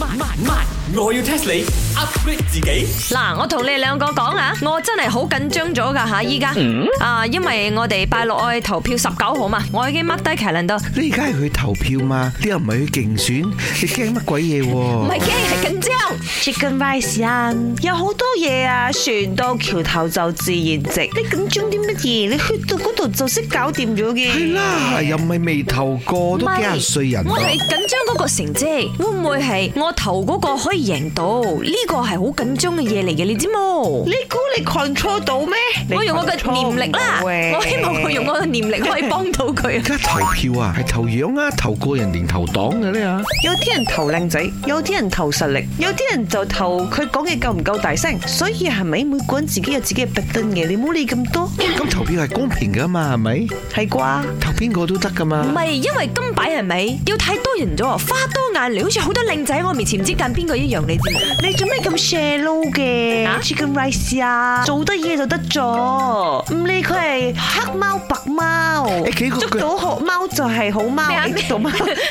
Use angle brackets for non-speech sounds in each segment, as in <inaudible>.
My, my, my. 我要 test 你 upgrade 自己。嗱，我同你哋兩個講啊，我真係好緊張咗噶吓，依家啊，因為我哋拜六去投票十九號嘛，我已經 mark 低麒麟度。你而家係去投票嘛？你又唔係去競選，你驚乜鬼嘢？唔係驚，係緊張。Chicken rice 啊，有好多嘢啊，船到橋頭就自然直。你緊張啲乜嘢？你去到嗰度就識搞掂咗嘅。係啦，又唔係未投過，都幾廿歲人。我係緊張。嗰個成績會唔會係我投嗰個可以贏到？呢個係好緊張嘅嘢嚟嘅，你知冇？你估你 control 到咩？到我用我嘅念力啦，會我希望我用我嘅念力可以幫到佢。而家投票啊，係投樣啊，投個人定投黨嘅咧啊？你有啲人投靚仔，有啲人投實力，有啲人就投佢講嘢夠唔夠大聲。所以係咪每個人自己有自己嘅標準嘅？你冇理咁多。咁投票係公平㗎嘛？係咪？係啩吧？投邊個都得噶嘛？唔係，因為金擺係咪要太多人咗？花多眼亂，好似好多靚仔喺我面前，唔知揀邊個一樣你知？你做咩咁 shallow 嘅？Chicken Rice 啊，做得嘢就得咗。唔理佢係黑貓白貓，哎、捉到學貓就係好貓。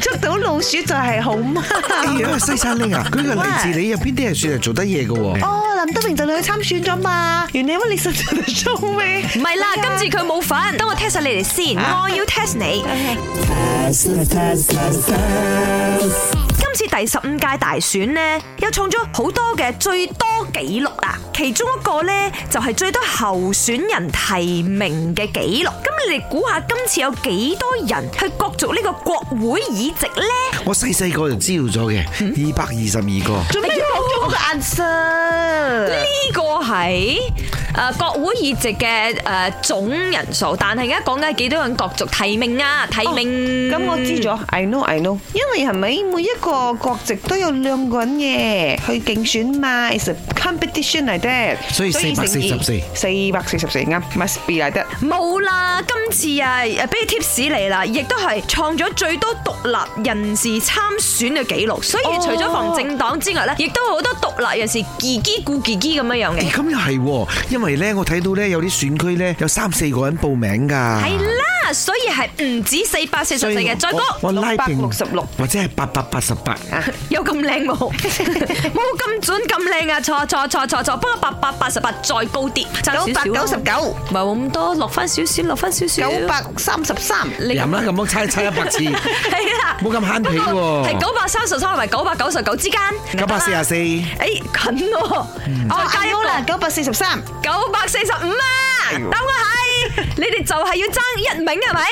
捉到老鼠就係好貓。哎那個、西沙鈴啊，佢個例子你入邊啲人算係做得嘢嘅喎？Oh 多明就去參選咗嘛？原來屈你實在係聰明。唔係啦，唉呀 今次佢冇份。等我 test 晒你哋先，我要 test 你。今次第十五屆大選呢，又創咗好多嘅最多。多紀錄啊！其中一個咧，就係最多候選人提名嘅紀錄。咁你哋估下今次有幾多人去角逐呢個國會議席咧？我細細個就知道咗嘅，二百二十二個。做咩要 answer 呢，個係誒國會議席嘅誒總人數，但係而家講緊幾多人角逐提名啊？提名咁我知咗，I know I know，因為係咪每一個國席都有兩個人嘅去競選嘛？是。competition 嚟的，所以四百四十四，四百四十四啱，must be 嚟的。冇啦，今次啊，俾啲 tips 嚟啦，亦都係創咗最多獨立人士參選嘅紀錄。所以除咗防政黨之外咧，亦都好多獨立人士自己顧自己咁樣、 <noise> 欸、樣嘅。咁又係，因為咧我睇到咧有啲選區咧有三四個人報名噶。係啦。所以係唔止四百四十四嘅，再高六百六十六，或者係八百八十八，有咁靚冇？冇咁準咁靚啊！錯錯錯錯錯，不過八百八十八再高啲，就九百九十九，唔係咁多，落翻少少，落翻少少，九百三十三，你唔拉咁多，猜猜一百次，係啦，冇咁慳皮喎，係九百三十三同埋九百九十九之間，九百四十四，誒，近哦，我介意啦，九百四十三，九百四十五啊，等我睇。你哋就係要爭一名係咪？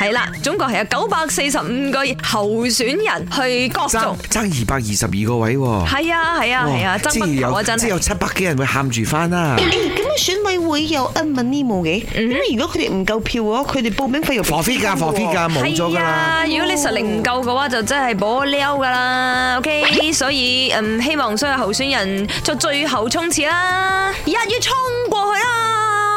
係啦，總共係有九百四十五個候選人去角逐，爭二百二十二個位。係啊，係啊，係啊，即係有有七百幾人會喊住翻啦。咁啊，選委會有英文 memo 嘅，咁如果佢哋唔夠票，佢哋報名費又 forfeit 噶，forfeit 噶，冇咗噶啦。如果你實力唔夠嘅話，就真係保唔了噶啦。OK，所以嗯，希望所有候選人做最後衝刺啦，一於衝過去啦。